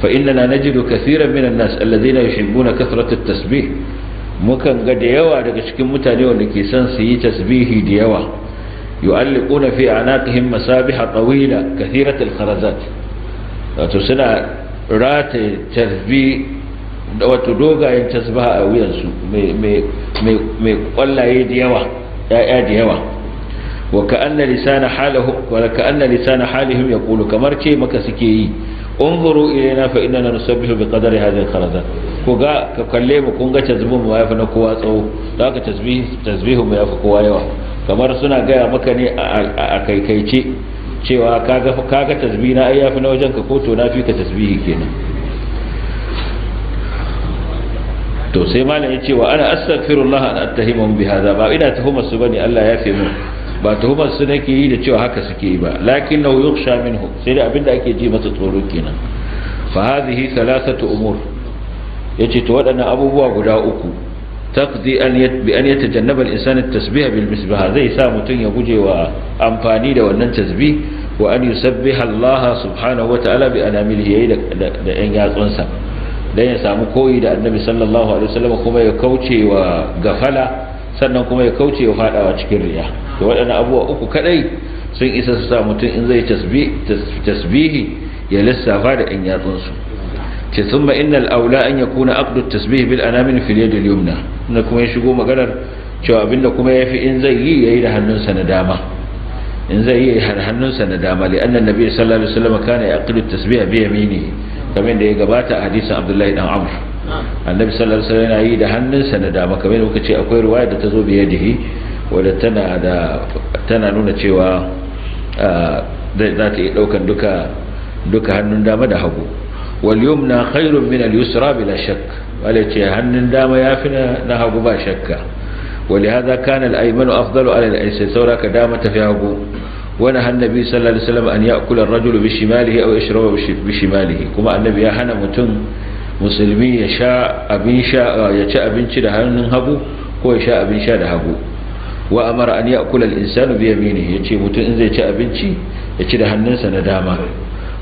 fa na najidu kasiran minan nas alladhina yuhibbuna kathrata at-tasbih mukan ga da yawa daga cikin mutane wanda ke son su yi tasbihi da yawa yu'alliquna fi anaqihim masabiha tawila kathirat al-kharazat wato suna rata tasbi wato dogayen tasbaha a wuyansu mai kwallaye da yawa ya'ya da yawa wa ka'anna lisana halihim yaqulu kamar ce maka suke yi unzuru ilaina fa innana nusabbihu bi qadari hadhihi al-kharazat ku ga ka kalle mu kun ga tazbihun mu yafi na kowa tsawo da ka tasbih tasbihun mu yafi kowa yawa kamar suna gaya maka ne a kaikaice cewa kaga kaga tasbih na ai yafi na wajen ka ko to na fi ka tasbihi kenan to sai malam cewa ana astaghfirullah an attahimu bi hadha ba ina tuhumar su bane Allah ya fi mu ba tuhumar su nake yi da cewa haka suke yi ba lakin nau shamin hu sai da abinda ake ji masa tsoro kenan fa hadhihi thalathatu umur yace to waɗannan abubuwa guda uku taqdi an yat bi an yatajannaba al-insan at-tasbih bil misbah zai sa mutun ya guje wa amfani da wannan tasbih wa an yusabbiha Allah subhanahu wa ta'ala bi anamilihi da yan yatsunsa dan ya samu koyi da annabi sallallahu alaihi wasallam kuma ya kauce wa gafala sannan kuma ya kauce wa fadawa cikin riya da waɗannan abubuwa uku kadai sun isa su sa mutum in zai tasbihi ya lissafa da ɗan yatsunsu ce sun ma innal aula an ya kuna abdu tasbihi bil anamin filiya da liyumna, na kuma ya shigo maganar cewa abinda kuma ya fi in zai yi ya yi da hannunsa na dama in zai yi da hannunsa na dama li annan nabi sallallahu alaihi wasallam kana ya aqdu tasbiha bi yaminihi kamar da ya gabata a hadisin abdullahi dan amr annabi sallallahu alaihi wasallam yana yi da hannunsa na dama kamar da kuka ce akwai ruwaya da ta zo bi yadihi wadda tana nuna cewa zata ta yi daukan duka hannun dama da hagu waliyum na khairun min al-yusra bila shak wale ce hannun dama ya fi na hagu ba shakka wali hada kana al-aymanu afdalu ala al-aysar sauraka dama tafi hagu wani hannun nabi sallallahu alaihi wasallam an ya'kula ar-rajul bi shimalihi aw yashrab kuma annabi ya hana mutum musulmi ya ya ci abinci da hannun hagu ko ya sha abin sha da hagu wa amara an ya'kula al-insanu bi yaminihi yace mutum in zai ci abinci ya ci da hannunsa na dama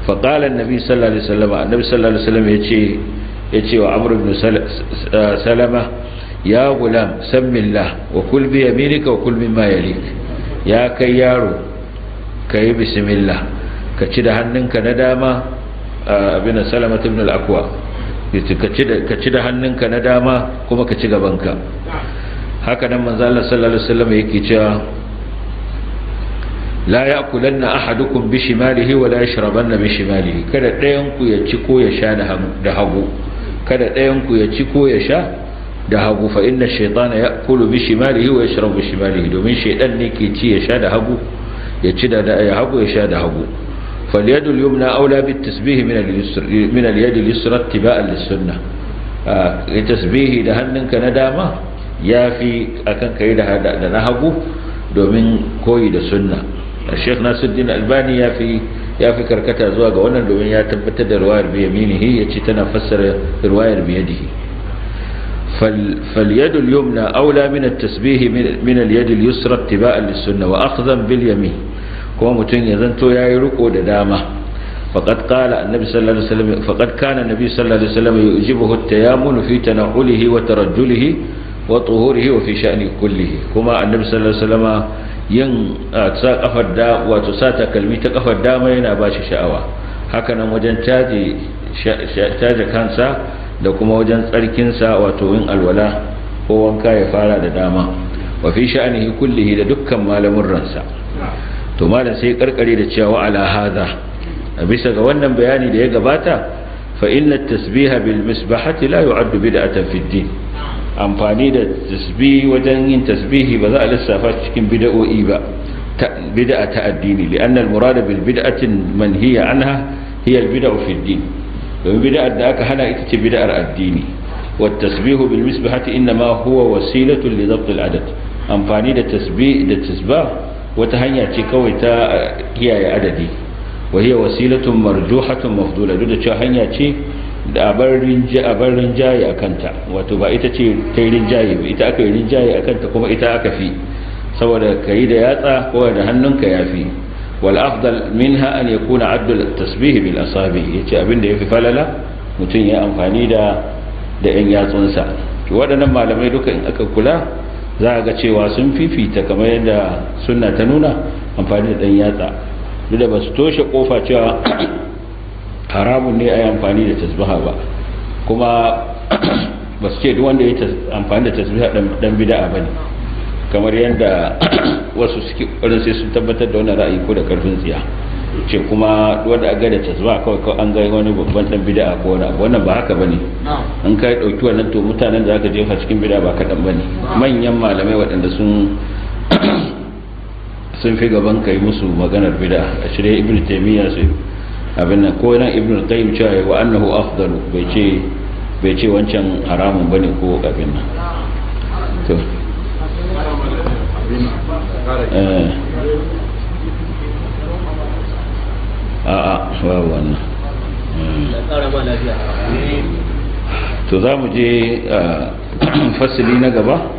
fa qala an-nabi sallallahu alaihi wasallam sallallahu alaihi wasallam yace yace wa amr ibn salama ya gulam sammillah wa kul bi yaminika wa kul mimma yalik ya kai yaro kai bismillah ka ci da hannunka na dama abin salama ibn al-aqwa ka ci da hannunka na dama kuma ka ci gabanka haka nan manzo Allah sallallahu alaihi wasallam yake cewa la yakulanna ahadukum bi shimalihi wa la yashrabanna bi shimalihi kada ɗayan ku ya ci ko ya sha da hagu kada ɗayan ku ya ci ko ya sha da hagu fa inna shaytana yakulu bi shimalihi wa yashrabu bi shimalihi domin shaytan ne ke ci ya sha da hagu ya ci da ya hagu ya sha da hagu فاليد اليمنى أولى بالتسبيح من اليسر من اليد اليسرى اتباعا للسنة التسبيح da hannunka na dama ya fi akan kai da da na hagu domin koyi da sunna Sheikh Nasiruddin Albani ya fi ya fi karkata zuwa ga wannan domin ya tabbatar da riwayar bi yaminihi yace tana fassara riwayar bi yadihi فاليد اليمنى أولى من التسبيح من اليد اليسرى اتباعا للسنة وأخذا باليمين كما متن يزنتو يا يركو دداما فقد قال النبي صلى الله عليه وسلم فقد كان النبي صلى الله عليه وسلم يعجبه التيامن في تنعله وترجله wa tuhurihi wa fi sha'ni kullihi kuma annabi sallallahu alaihi wasallama yin sa kafar da wato sa takalmi ta kafar dama yana ba shi sha'awa hakanan wajen caja kansa da kuma wajen tsarkinsa wato yin alwala ko wanka ya fara da dama wa fi sha'nihi kullihi da dukkan malamin ransa to malam sai karkare da cewa ala a bisa ga wannan bayani da ya gabata fa inna at-tasbiha bil misbahati la yu'addu bid'atan fid din amfani da tasbihi wajen yin tasbihi ba za a lissafa cikin bid'o'i ba bid'a ta addini li'anna al-murada bil bid'ati manhiya anha hiya al-bid'u fi ad-din domin bid'ar da aka hana ita ce bid'ar addini wa tasbihu bil misbahati inma huwa wasilatun li dhabt al-adad amfani da tasbih da tasbah wata hanya ce kawai ta kiyaye adadi wa hiya wasilatun marjuhatun mafdula duk da cewa hanya ce da a bar rinjaye a kanta wato ba ita ce ta yi rinjaye ba ita aka yi rinjaye a kanta kuma ita aka fi saboda ka yi da yatsa ko da hannunka ya fi wal'afdal min ha'an ya kuna abdul tasbihi bil asabi ya ce abinda ya fi falala mutum ya amfani da da 'yan yatsunsa waɗannan malamai duka in aka kula za a ga cewa sun fifita kamar yadda suna ta nuna amfani da ɗan yatsa duk da ba su toshe ƙofa cewa haramun ne a yi amfani da tasbiha ba kuma ba su ce duk wanda ya amfani da tasbiha dan bida'a ba ne kamar yadda wasu suke ƙwarin sai sun tabbatar da wani ra'ayi ko da karfin tsiya ce kuma wanda aka gada tasbiha kawai kawai an gani wani babban dan bida'a ko wani abu wannan ba haka ba ne an kai ɗauki wannan to mutanen da aka jefa cikin bida'a ba kaɗan ba ne manyan malamai waɗanda sun sun fi gaban kai musu maganar bida a shirya ibn taimiyya su abin nan ko nan ibnu qayyim cewa wa annahu afdalu bai ce bai ce wancan haramun bane ko abin nan to a a wa wannan eh. to za mu je ah, fasili na gaba